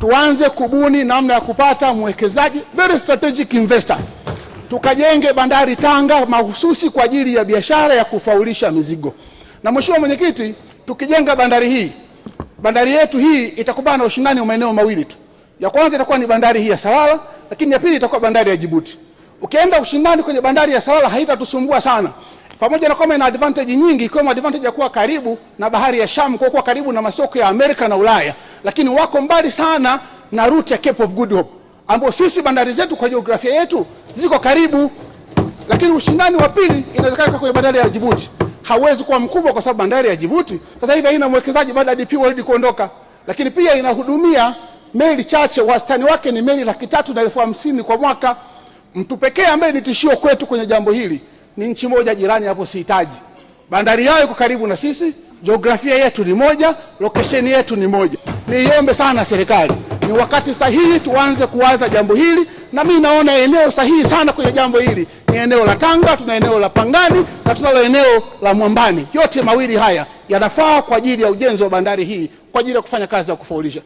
tuanze kubuni namna ya kupata mwekezaji very strategic investor, tukajenge bandari Tanga mahususi kwa ajili ya biashara ya kufaulisha mizigo. Na mheshimiwa mwenyekiti, tukijenga bandari hii, bandari yetu hii itakubana na ushindani wa maeneo mawili tu. Ya kwanza itakuwa ni bandari hii ya Salala, lakini ya pili itakuwa bandari ya Jibuti. Ukienda ushindani kwenye bandari ya Salala haitatusumbua sana, pamoja na kwamba ina advantage nyingi, ikiwemo advantage ya kuwa karibu na bahari ya Shamu, kwa kuwa karibu na masoko ya Amerika na Ulaya lakini wako mbali sana na route ya Cape of Good Hope, ambapo sisi bandari zetu kwa jiografia yetu ziko karibu, lakini ushindani wa pili inawezekana kwa bandari ya Djibouti hauwezi kuwa mkubwa kwa sababu bandari ya Djibouti sasa hivi haina mwekezaji baada ya DP World kuondoka, lakini pia inahudumia meli chache. Wastani wake ni meli laki tatu na elfu hamsini kwa mwaka. Mtu pekee ambaye ni tishio kwetu kwenye jambo hili ni nchi moja jirani hapo, sihitaji bandari yao iko karibu na sisi, jiografia yetu ni moja, location yetu ni moja niiombe sana serikali, ni wakati sahihi tuanze kuwaza jambo hili, na mimi naona eneo sahihi sana kwenye jambo hili ni eneo la Tanga, tuna eneo la Pangani na tunalo eneo la Mwambani. Yote mawili haya yanafaa kwa ajili ya ujenzi wa bandari hii kwa ajili ya kufanya kazi ya kufaulisha.